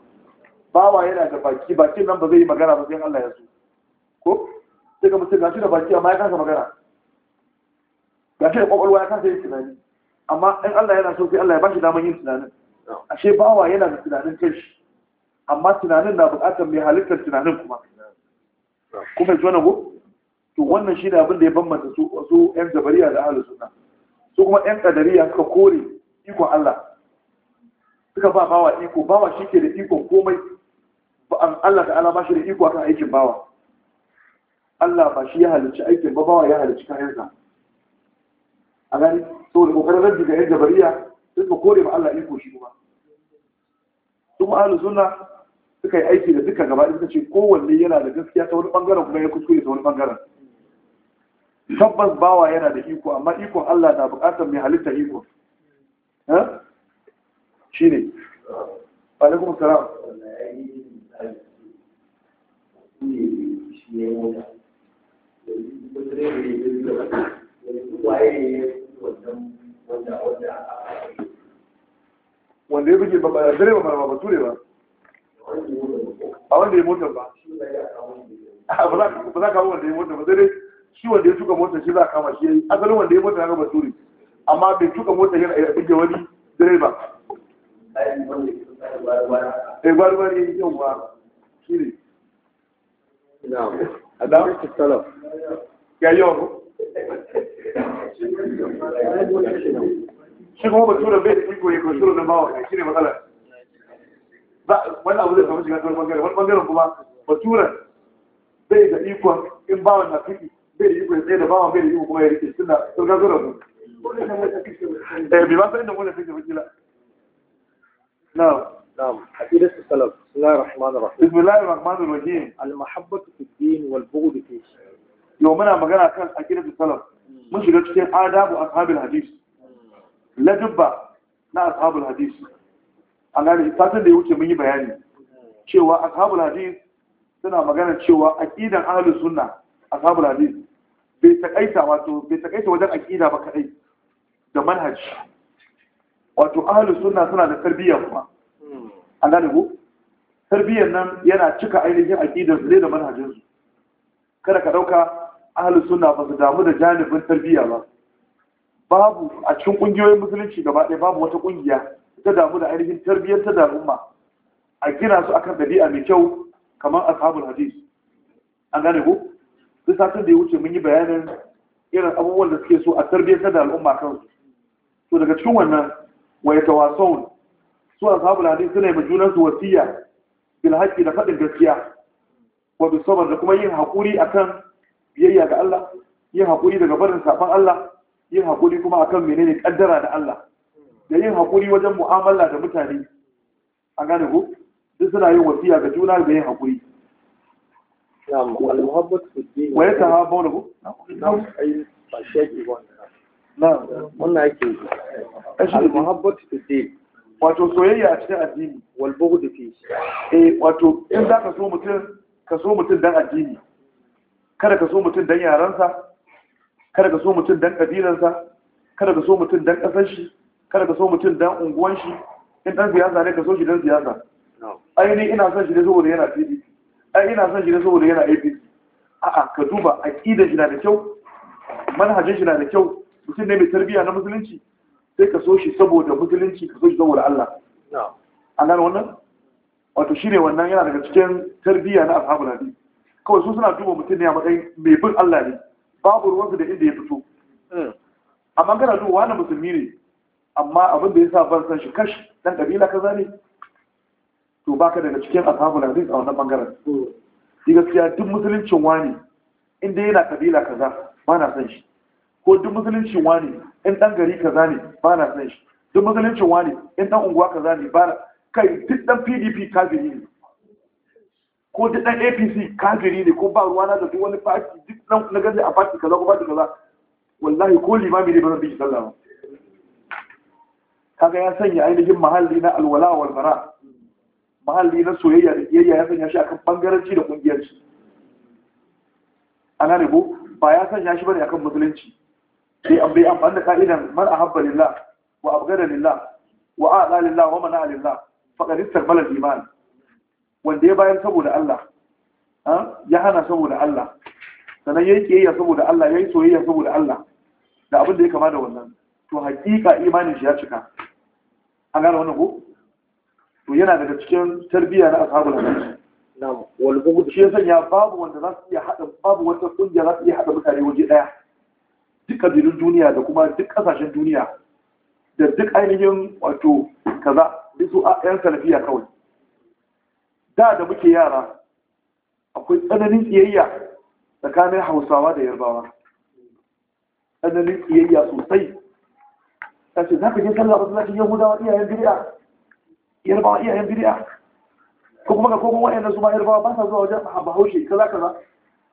bawa yana da baki bakin nan ba zai yi magana ba sai Allah ya so ko sai ga mutum gashi da baki amma ya kasa magana gashi da kwakwalwa ya kasa yin tunani amma in Allah yana so sai Allah ya ba shi yin tunanin ashe bawa yana da tunanin kanshi amma tunanin na buƙatar mai halittar tunanin kuma kuma ya wani ko to wannan shi ne abin da ya bambanta su yan jabariya da ahalu sunna su kuma yan kadariya suka kore ikon Allah suka ba bawa iko bawa shi ke da ikon komai Allah ta'ala ba shi da iko akan aikin bawa Allah ba shi ya halicci aikin ba bawa ya halicci kayansa a gani da kokarin rabbi ga yadda jabariya sai ka kore ba Allah iko shi kuma su ma'alu suna suka yi aiki da duka gaba suka ce kowanne yana da gaskiya ta wani bangaren kuma ya kuskure ta wani bangaren tabbas bawa yana da iko amma ikon Allah na bukatar mai halitta iko eh? shi ne alaikum salam wanda ya buge ba dare ba ba ba ture ba a wanda ya motar ba ah, ba za ka wanda ya motar ba dare shi wanda ya tuka motar shi za a kama shi asalin wanda ya motar haka ba ture amma bai tuka motar yana iya buge wani direba ai gwalwari yau ba adam salaf ya yau shi kuma batura bai da iko ya kunshuru na bawa ne shine matsala wani abu zai samu shiga wani bangare wani bangaren kuma baturan bai da ikon in bawan na fiki bai da iko ya tsaye da bawan bai da iko kuma ya suna نعم نعم حديث السلف بسم الله الرحمن الرحيم بسم الله الرحمن الرحيم المحبة في الدين والبغض في الشيء يوم أنا مقال أكاد حديث السلف مش قلت شيء آداب وأصحاب الحديث لا جبا لا أصحاب الحديث أنا يعني إتاتي اللي يوكي مني بياني شوى أصحاب الحديث سنة مقال شوى أكيدا أهل السنة أصحاب الحديث بيتكأيسا واتو بيتكأيسا وجد أكيدا بكأي ده منهج wato ahalu suna suna da tarbiyyar kuma an gane ku tarbiyyar nan yana cika ainihin aƙidar su ne da manhajinsu kada ka ɗauka ahalu suna ba su damu da janibin tarbiyya ba babu a cikin ƙungiyoyin musulunci gaba ɗaya babu wata ƙungiya ta damu da ainihin tarbiyyar ta da al'umma a gina su akan ɗabi'a mai kyau kamar ashabul hadis an gane ku duk satin da ya wuce mun yi bayanin irin abubuwan da suke so a tarbiyyar ta da al'umma kansu to daga cikin wannan wa yatawasawun su a ashabul hadith suna yi junan su wasiya bil haqqi da faɗin gaskiya wa bi sabr da kuma yin hakuri akan biyayya ga Allah yin haƙuri daga barin saban Allah yin haƙuri kuma akan menene kaddara da Allah da yin haƙuri wajen mu'amala da mutane A gane ku duk suna yin wasiya ga juna da yin hakuri نعم والمهبط في الدين ويتهابونه نعم أي شيء na wannan ake al muhabbatu fi din wato soyayya a cikin addini wal bughd fi eh wato in za ka so mutum ka so mutum dan addini kada ka so mutum dan yaransa kada ka so mutum dan kabilansa kada ka so mutum dan kasar shi kada ka so mutum dan unguwan shi in dan siyasa ne ka so shi dan siyasa ai ni ina son shi ne saboda yana PDP ai ina son shi ne saboda yana APC a'a ka duba aqidar shi na da kyau manhajin shi na da kyau mutum ne mai tarbiyya na musulunci sai ka so shi saboda musulunci ka so shi saboda Allah an nan wannan wato shi ne wannan yana daga cikin tarbiyya na ashabul hadith kawai su suna duba mutum ne a matsayin mai bin Allah ne babu ruwansu da inda ya fito hmm. amma kana duba wani musulmi ne amma abin da ya sa ban san shi kashi dan kabila kaza ne to baka daga cikin ashabul hadith a wannan bangaren shi hmm. gaskiya duk musuluncin wani inda yana kabila kaza ba na san shi ko duk musuluncin wani in dan gari kaza ne ba na san shi duk musuluncin wani in dan unguwa kaza ne ba na kai duk dan PDP kafiri ne ko duk dan APC kafiri ne ko ba ruwa na da duk wani party duk dan na gaza a party kaza ko ba kaza wallahi ko limami ne ba zan bi sallah ba kaga ya sanya ainihin mahalli na alwala wal bara mahalli na soyayya da kiyayya ya sanya shi akan bangaranci da kungiyarci ana ne ko ba ya sanya shi bane akan musulunci sai an bai amfani da ka'idan man ahabba lillah wa abgada lillah wa a'la lillah wa mana lillah faqad istaqbala al-iman wanda ya bayar saboda Allah ya hana saboda Allah sannan yayi kiyayya saboda Allah yayi soyayya saboda Allah da abin da ya kama da wannan to hakika imanin shi ya cika an gane wannan ko to yana daga cikin tarbiyya na ashabul hadith na'am wal bughd shi yasa ya babu wanda za iya hada babu wata kungiya za su iya hada mutane waje daya duk kabilun duniya da kuma duk kasashen duniya da duk ainihin wato kaza duk su yan salafiya kawai da da muke yara akwai tsananin tsiyayya tsakanin hausawa da yarbawa tsananin tsiyayya sosai ta ce za ka je sallah masallacin hudawa iyayen biriya, yarbawa iyayen biriya? ko kuma ga kogon da su ma yarbawa ba sa zuwa wajen bahaushe kaza kaza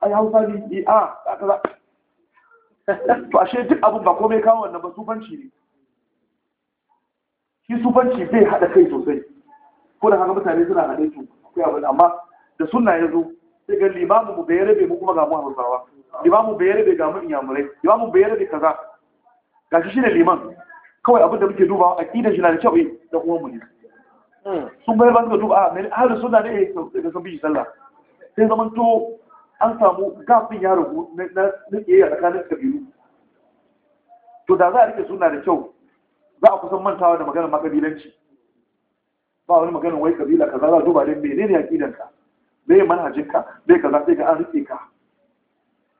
ai hausa ne a kaza to ashe duk abin ba komai kawo wannan ba sufanci ne shi sufanci bai haɗa kai sosai ko da haka mutane suna haɗe su akwai abin amma da suna ya zo sai ga limamu mu bai rabe mu kuma ga mu hausawa limamu bai rabe ga mu inyamurai limamu bai rabe kaza gashi shi ne liman kawai abin da muke dubawa aƙidar shi na da kyau eh, da kuma mu ne hmm. sun bayar ba suka duba a mai halin suna ne da eh, sun bi sallah sai zaman to an samu gafin ya rubu na a tsakanin kabilu to da za a rike suna da kyau za a kusan mantawa da maganar makabilanci ba wani maganar wai kabila ka za a duba ne menene aqidanka me manhajinka me za sai ga an rike ka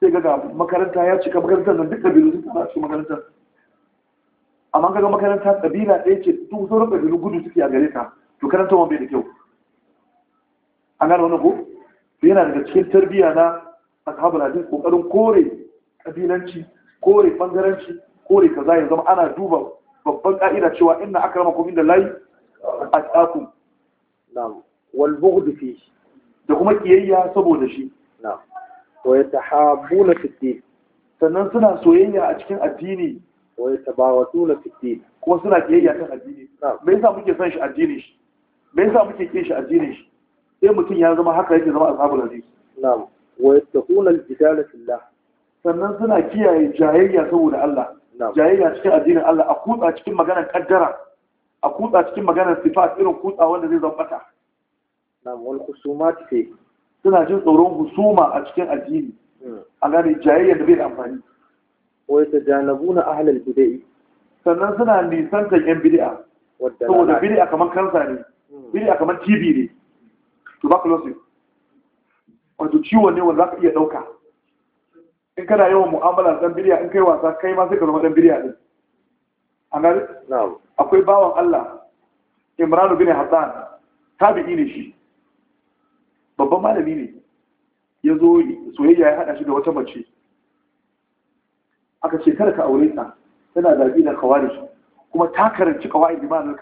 sai ga makaranta ya cika makaranta nan duk kabilu sun tsara su makaranta. amma kaga makaranta kabila ɗaya ce duk sauran kabilu gudu suke a gare ta to karanta wani bai da kyau an gane wani ko yana daga cikin tarbiyya na ashabul hadis kokarin kore kabilanci kore bangaranci kore kaza ya zama ana duba babban ka'ida cewa inna akramakum inda lahi atqakum na'am wal bughd fi da kuma kiyayya saboda shi na'am wa yatahabuna fi din sannan suna soyayya a cikin addini wa yatabawatuna fi din kuma suna kiyayya kan addini me yasa muke son shi addini shi me yasa muke kiyaye shi addini shi sai mutum ya zama haka yake zama ashabul hadisi na'am wa yattaquna al-jidala fillah sannan suna kiyaye jayayya saboda Allah jayayya cikin addinin Allah a kutsa cikin maganar kaddara a kutsa cikin maganar sifat irin kutsa wanda zai zama bata na'am wal khusumat fi suna jin tsoron husuma a cikin addini hmm. a gane jayayya da bai da amfani wa yatajanabuna ahlal bid'ah sannan suna nisan kan yan bid'a saboda bid'a kamar kansa ne hmm. bid'a kamar TV ne tuberculosis wato ciwo ne wanda za ka iya ɗauka in kana yawan mu'amala dan biriya in kai wasa kai ma sai ka zama dan biriya ɗin an gani akwai bawan Allah Imran bin Hassan tabi'i ne shi babban malami ne ya zo soyayya ya haɗa shi da wata mace aka ce kada ka aure ta tana da kawari kuma ta karanci qawaid bi ma'anar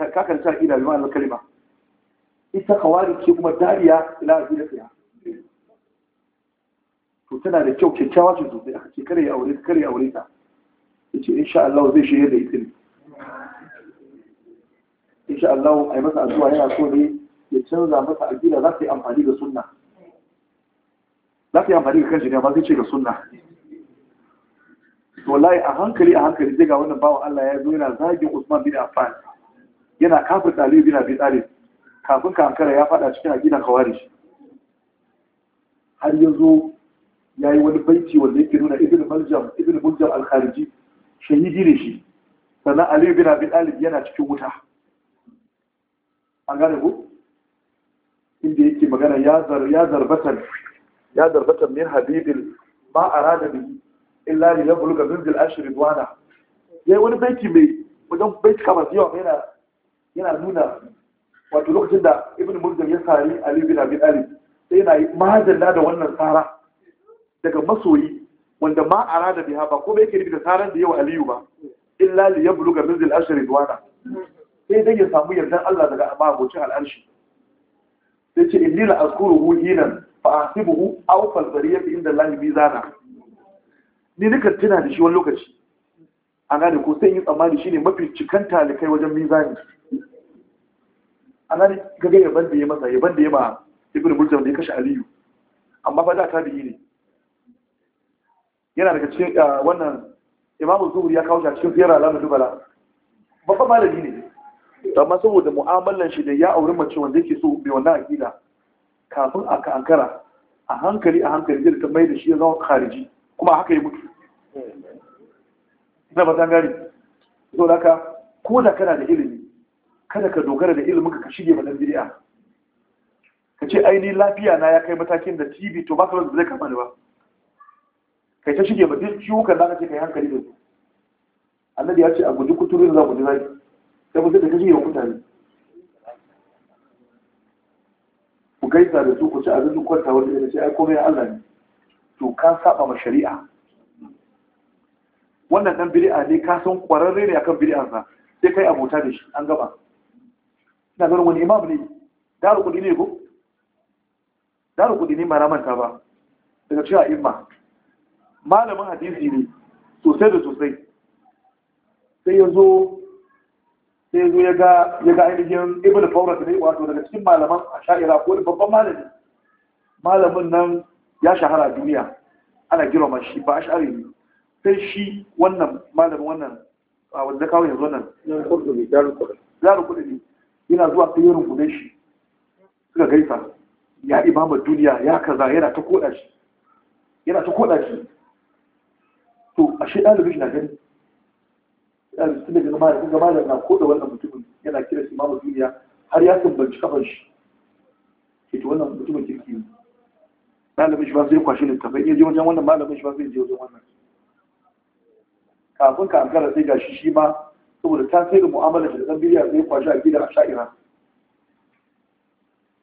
bi ma'anar kalima ita kawari ke kuma dariya ila a zira fiya to tana da kyau kyakkyawa ce sosai aka ce kare ya aure kare ya aure ta ya ce insha Allah zai shirya da ita ne insha Allah a yi masa azuwa yana so ne ya canza masa aƙida za ta yi amfani da sunna za ta yi amfani da kanshi ne amma zai ce ga sunna lai a hankali a hankali zai ga wannan bawan Allah ya zo yana zagin Usman bin Affan yana kafir Aliyu bin Abi Talib kafin kankara ya fada cikin aƙidan kawari har ya zo ya yi wani baiti wanda yake nuna ibn maljam ibn muljam al-khariji shahidi ne shi sannan ali bin abi talib yana cikin wuta an gane ku inda yake magana ya zar ya zarbatan ya zarbatan min habibil ma arada bi illa li yabluga min bil ashri wana yayi wani baiti mai wajen baiti kamar yawa yana yana nuna wato lokacin da ibn murjam ya sari ali bin abi sai yana yi mahajalla da wannan sara daga masoyi wanda ma arada biha ba kuma yake da saran da yau aliyu ba illa li yabluga mizil ashri duwana sai dai ya samu yardan Allah daga abocin al'arshi sai ce inni la azkuruhu hinan fa ahsibuhu aw fal zariyati inda Allah mizana ni nika tuna da shi wani lokaci A gane ko sai yi tsammani shine mafi cikanta da kai wajen mizani a nan gaga yaban da ya masa yaban da ya ma ibn muljam da ya kashe aliyu amma ba da tabi'i ne yana daga cikin ah, wannan imamu zuhuri ya kawo shi a cikin fiyar alamu dubala babban malami ne amma saboda mu'amalan shi da ya auri mace wanda yake so mai wannan aƙida kafin a ankara a hankali a hankali zai ta mai da shi ya zama khariji kuma haka ya mutu ina ba gari so da ka ko da kana da ilimi kada ka dogara da ilimin ka shige ba dan bid'a ka ce aini lafiya na ya kai matakin da TV tuberculosis zai kama ba kai ta shige ma duk ciwukan da kace kai hankali da su annabi ya ce a guji kuturin za ku ji zaki sai mutum da ka shige mutane ku gaisa da su ku ci azumin kwanta wanda ya ce ai komai Allah ne to ka saba ma shari'a wannan dan bid'a ne ka san kwararre ne akan sa sai kai abota da shi an gaba ina ganin wani imam ne daru kudi ne ko daru kudi ne mara manta ba daga cewa imma malamin hadisi ne sosai da sosai sai ya zo sai ya zo ya ga ainihin ibn faurat ne wato daga cikin malaman a sha'ira ko babban malami malamin nan ya shahara duniya ana girma shi ba a sha'ari ne sai shi wannan malamin wannan a wanda kawai yanzu nan ya kudi ne yana zuwa sai ya rungume shi suka gaisa ya imama duniya ya kaza yana ta koda shi yana ta koda shi to ashe ɗalibi shi na gani ɗalibi sun daga gama da sun gama da na koda wannan mutumin yana kira shi imama duniya har ya tumbanci kafan shi ke to wannan mutumin kirki ne ɗalibi shi ba zai kwashe ne, littafai iya je wajen wannan malamin shi ba zai je wajen wannan kafin ka ankara sai gashi shi ma saboda ta mu'amalar da mu'amala da ɗan biriya zai kwashi a gidan asha'ira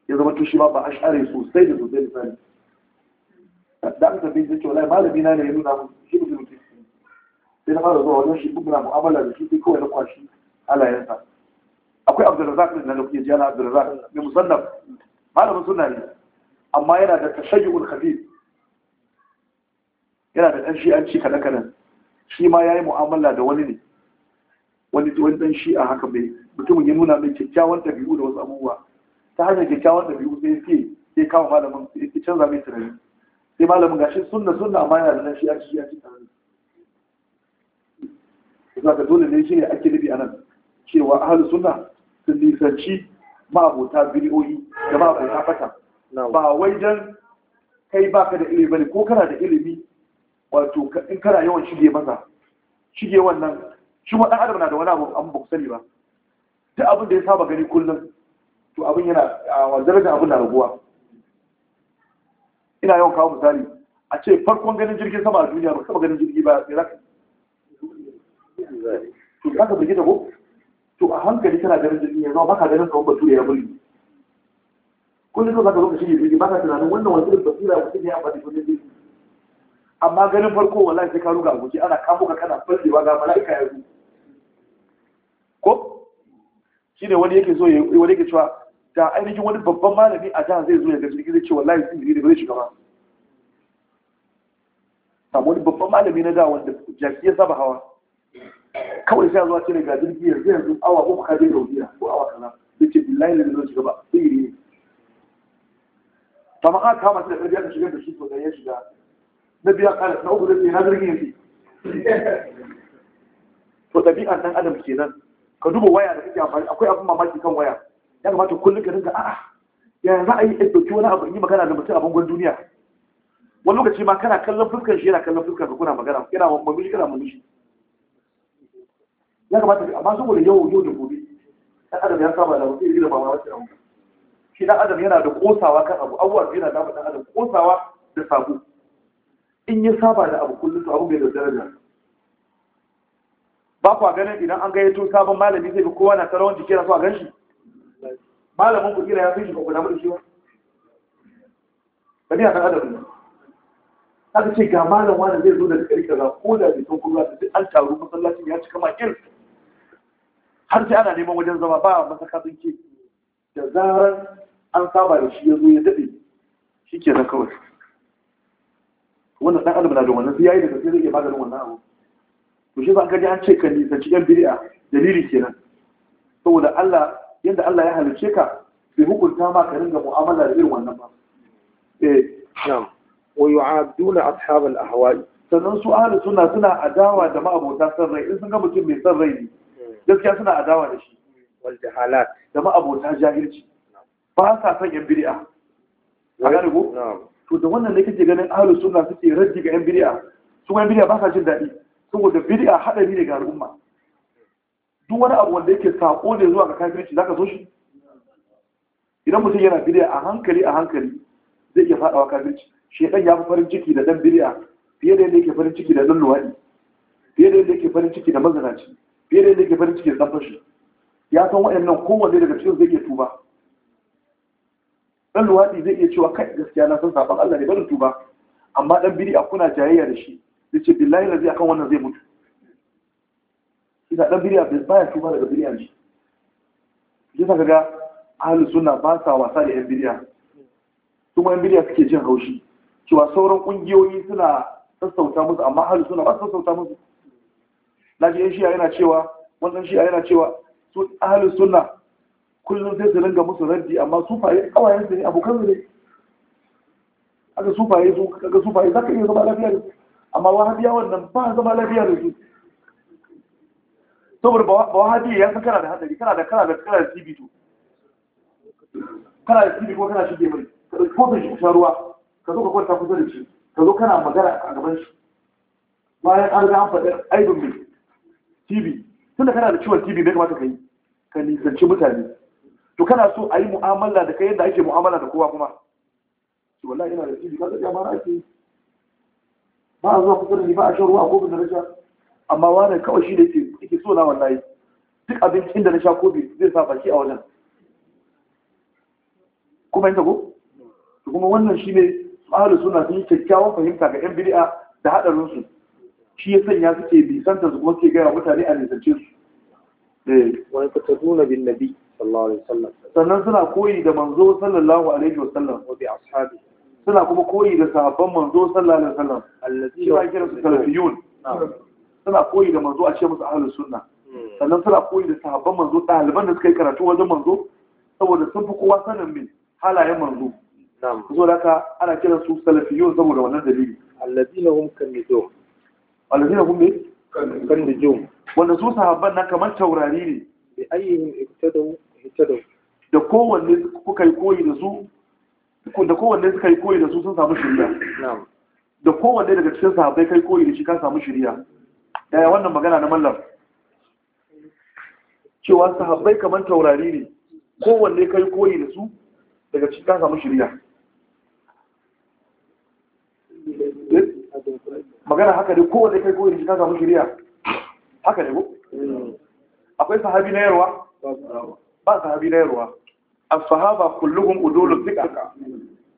ya zama tushe ma ba ash'ari sosai da sosai da sani da aka tafi zai ce wallahi malami na ne ya nuna mun shi mutum mutum sai na fara zuwa wajen shi muna mu'amala da shi sai kawai na kwashi halayensa akwai abdulrazak din nan da kuke jiyana abdulrazak mai musannaf malamin suna ne amma yana da tashayyu'ul khabib yana da ɗan shi'anci kaɗan-kaɗan shi ma ya yi mu'amala da wani ne wani wani dan shi'a haka bai mutumin ya nuna mai kyakkyawan ɗabi'u da wasu abubuwa ta hanyar kyakkyawan ɗabi'u sai ke sai kawo malamin sai canza mai tunani sai malamin gashi sunna sunna amma yana da nan shi'a shi'a shi tare da ka dole ne shi ne ake nufi nan? cewa ahlus sunna sun nisanci ma'abota biliyoyi da ma'abota fata ba wai dan kai baka da ilimi bane ko kana da ilimi wato in kana yawan shige maza shige wannan shi wa ɗan adam na da wani abu an ba ku sani ba duk abin da ya saba gani kullum to abin yana a darajar abin na raguwa ina yawan kawo misali a ce farkon ganin jirgin sama a duniya ba saba ganin jirgi ba ya zaka to zaka birgi da ko to a hankali kana ganin jirgin ya ba baka ganin kawai bature ya buri kullum zaka zo ka shirya jirgi ba ka tunanin wannan wani irin basira wani ne a faɗi kullum jirgi amma ganin farko wallahi sai ka ruga gobe ana kamo ka kana fallewa ga mala'ika ya zo ko shine wani yake so wani yake cewa da ainihin wani babban malami a jihar zai zo ya gaji jirgi zai ce wallahi sun jirgi da bai shiga ba wani babban malami na da wanda jaki ya saba hawa kawai sai zuwa cire ga jirgi yanzu yanzu awa uku ka je gaudiya ko awa kaza zai ce billahi da zai shiga ba sai yi ne. ta ma'a kama shi da ƙarfi ya shigar da shi sosai ya shiga na biya ƙara na uku zai na zargin yake to ɗabi'a ɗan adam kenan ka duba waya da kake amfani akwai abin mamaki kan waya ya kamata kullum ka dinga a'a ya za a yi ɗauki wani abu in yi magana da mutum a bangon duniya wani lokaci ma kana kallon fuskar shi yana kallon fuskar ka kuna magana yana mamishi kana mamishi ya kamata amma saboda yau yau da gobe ɗan adam ya saba da wasu iri da ba ma wasu shi ɗan adam yana da kosawa kan abu abubuwa yana da ɗan adam kosawa da sabo in ya saba da abu kullum to abu bai da daraja ba ku ganin idan an yato sabon malami zai bi kowa na tarawan jiki na so a shi malamin ku kira ya fi shi ba ku damu da shi ba bari a kan adam ne aka ce ga malam wani zai zo daga gari kaza ko da bai kuma da an taru masallacin ya cika makin har sai ana neman wajen zama ba masaka sun ke da zarar an saba da shi ya zo ya daɗe shi ke na kawai wannan dan adam na da wannan sai yayi da gaske zai iya maganin wannan abu to shi ba ka an ce ka nisanci yan bid'a dalili kenan saboda Allah yadda Allah ya halice ka bai hukunta ma ka ringa mu'amala da irin wannan ba eh na'am wa yu'aduna ashab al-ahwa'i sannan su ahli sunna suna adawa da ma'abota san rai in sun ga mutum mai san rai ne gaskiya suna adawa da shi wal jahalat da ma'abota jahilci ba sa san yan bid'a a gane ko na'am to da wannan ne kake ganin ahlus sunna suke raddi ga yan bid'a su 'yan bid'a ba sa jin daɗi saboda bid'a hadari ne ga al'umma duk wani abu wanda yake sako ne zuwa ga kafirci zaka so shi idan mutum yana bid'a a hankali a hankali zai iya fadawa kafirci shekan ya fi farin ciki da dan bid'a fiye da yadda yake farin ciki da dan luwadi fiye da yadda yake farin ciki da mazanaci fiye da yadda yake farin ciki da dan fashi ya san waɗannan kowanne daga cikin zai iya dan luwadi zai iya cewa kai gaskiya na san saban Allah ne barin tuba amma dan a kuna jayayya da shi zai ce billahi zai akan wannan zai mutu ina dan bid'a bai baya tuba daga biriyan shi yasa kaga ahlus sunna ba sa wasa da yan biriya. su ma yan biriya suke jin haushi cewa sauran kungiyoyi suna sassauta musu amma ahlus sunna ba su sassauta musu naji yan shi'a yana cewa wannan shi'a yana cewa su ahlus sunna kullum sai su ringa musu raddi amma sufaye kawayen su ne abokan su ne aka sufaye su kaga sufaye za ka iya zama lafiya da su amma wahabiya wannan ba zama lafiya da su saboda ba wahabiya ya san kana da hadari kana da kana da kana da to. kana da cibito ko kana shige mai ko ka shi kusa ruwa ka zo ka kwanta kusa da shi ka zo kana magana a gaban shi bayan an ga an faɗi aibin mai cibi tunda kana da ciwon cibi bai kamata ka yi ka nisanci mutane to kana so a yi mu'amala da kai yadda ake mu'amala da kowa kuma to wallahi ina da shi ka tsaya ma ake ba a zuwa kusa da ni ba a shan ruwa ko bin daraja amma wani kawai shi da ke ke so na wallahi duk abincin da na sha kofi zai sa baki a wajen kuma yin tago to kuma wannan shi ne tsari suna sun yi kyakkyawan fahimta ga yan bid'a da haɗarinsu shi ya sanya suke bisanta su kuma suke gaya mutane a nisance su. Eh. Wani fata nuna bin nabi. sallallahu alaihi wasallam sannan suna koyi da manzo sallallahu alaihi wasallam wa bi ashabi suna kuma koyi da sahabban manzo sallallahu alaihi wasallam allazi shi kira salafiyun suna koyi da manzo a ce musu ahlus sunna hmm. sannan suna koyi da sahabban manzo daliban da suka yi karatu wajen manzo saboda sun fi kowa sanin min halayen manzo zo da ka ana kira su salafiyun saboda wannan dalili allazina hum allazina hum wanda su sahabban na kamar taurari ne bi ayyihim da kowanne kuka yi koyi da su da kowanne suka yi koyi da su sun samu shirya da kowanne daga cikin sahabbai kai koyi da shi ka samu shirya yaya wannan magana na mallam cewa sahabbai kamar taurari ne kowanne kai koyi da su daga cikin ka samu shirya eh? magana haka ne kowanne kai koyi da shi ka samu shirya haka ne ko akwai sahabi na yarwa ba sahabi na yarwa as-sahaba kulluhum udulul thiqa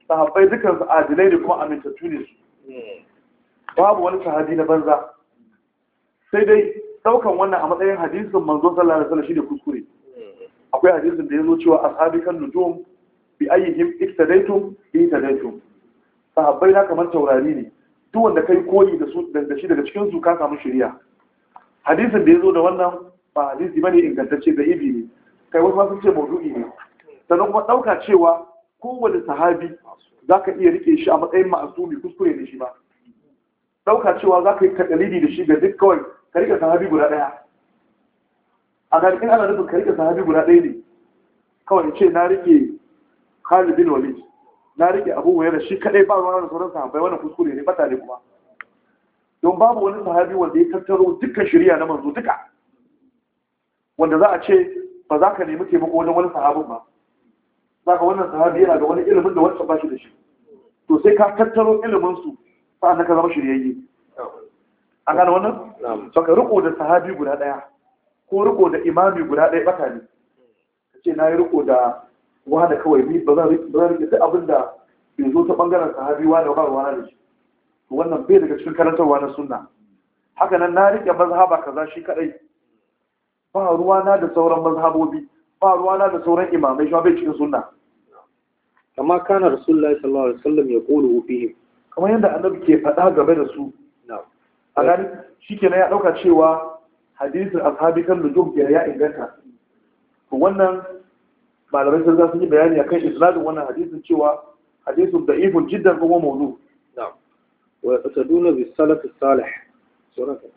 sahabbai dukan su adilai ne kuma amintattu ne su babu wani sahabi na banza sai dai daukan wannan a matsayin hadisin manzo sallallahu alaihi wasallam shine kuskure akwai hadisin da yazo cewa ashabi kan nujum bi ayyihim iktadaitum iktadaitum sahabbai na kamar taurari ne duk wanda kai koyi da su da shi daga cikin su ka samu shari'a hadisin da yazo da wannan ba hadisi bane ingantacce da ibi ne kai wani sun ce maudu'i ne sannan kuma ɗauka cewa kowane sahabi za ka iya rike shi a matsayin mai kuskure da shi ba ɗauka cewa za ka yi kaɗalidi da shi ga duk kawai ka rike sahabi guda ɗaya a garkin ana nufin ka rike sahabi guda ɗaya ne kawai ce na rike Khalid bin Walid na rike Abu wayar shi kadai ba da sauran sahabbai wannan kuskure ne ba ne kuma don babu wani sahabi wanda ya tattaro dukkan shari'a na manzo duka wanda za a ce ba za ka nemi taimako wajen wani sahabin ba za ka wannan sahabi yana da wani ilimin da wancan bashi da shi to sai ka tattaro ilimin su sa'annan ka zama shiryayye an gane wannan to ka riko da sahabi guda daya ko riko da imami guda daya baka ne ce na yi riko da wani kawai ni ba zan rike duk abin da bai zo ta bangaren sahabi wani ba ruwa da shi to wannan bai daga cikin karantarwa na sunna haka nan na rike mazhaba kaza shi kadai ba na da sauran mazhabobi ba na da sauran imamai shi bai cikin sunna amma kana rasulullahi sallallahu alaihi wasallam ya qulu fihim kamar yadda annabi ke faɗa game da su a gani shikenan ya dauka cewa hadisi ashabi kan ke ya inganta to wannan malamai sun zasu yi bayani akan isnadin wannan hadisin cewa hadisin da'ifun jiddan kuma mawdu na'am wa yaqtaduna bis salaf as-salih suraka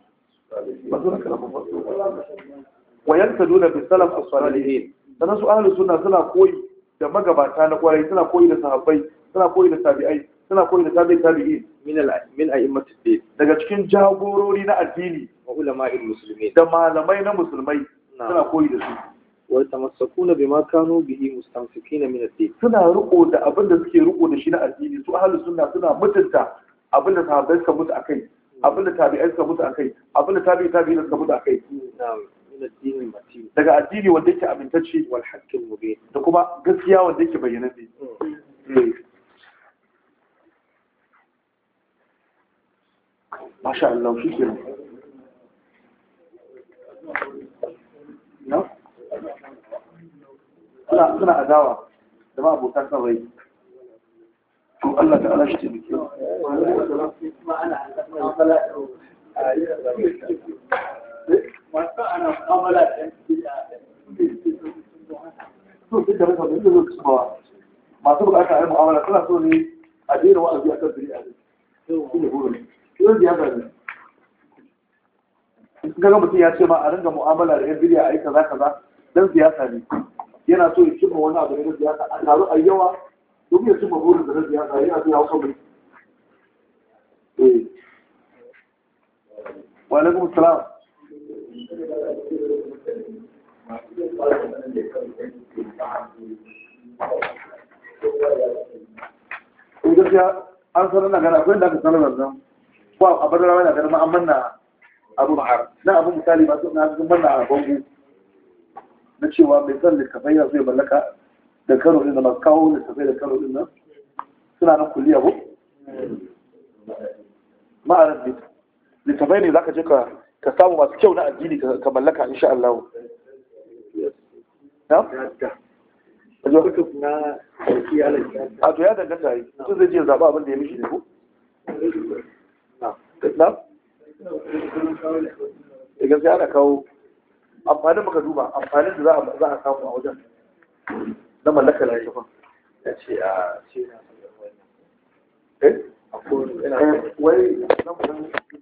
wa yantaduna bis salaf as-salihin sanan su ahlus sunna suna koyi da magabata na kwarai suna koyi da sahabbai suna koyi da tabi'ai suna koyi da tabi'i tabi'in min min a'immatud din daga cikin jagorori na addini wa ulama'il muslimin da malamai na musulmai suna koyi da su wa tamassakuna bima kanu bihi mustamsikina min ad-din suna riko da abin da suke riko da shi na addini su ahlus sunna suna mutunta abin da sahabbai suka mutu akai abin da tabi'ai suka mutu akai abin da tabi'i tabi'in suka mutu akai na'am daga addini wanda yake amintacce wal haqqil mubin da kuma gaskiya wanda yake bayyananne masha Allah shi ke na suna suna adawa da ma abokan sa bai to Allah ta'ala shi ne ke masu ana kamala da masu bukata a mu'amala suna so ne a jera wa'azi a kan biri a zai kaga mutum ya ce ma a ringa mu'amala da yan bidiya a yi kaza kaza dan siyasa ne yana so ya cimma wani abu na siyasa a taru a yawa domin ya cimma burin da na siyasa yana so ya hausa mai wa alaikum salam an sanar na gana akwai da aka sanar da zan ko a bar rawa na gana an manna abu ba? na abu misali ba na sun manna a bangu na cewa mai san littafai ya zai mallaka da karo ɗin da masu kawo littafai da karo ɗin nan suna nan kulliya ko ma'arar littafai ne za ka je ka ka samu masu kyau na addini ka mallaka insha Allah a to ya danganta yi tun zai je zaɓa abin da ya mishi ne ko na da eh, gaskiya ana kawo amfanin muka duba amfanin da za a samu a wajen na mallaka lafiya ya ce ah, eh? a ce na eh wai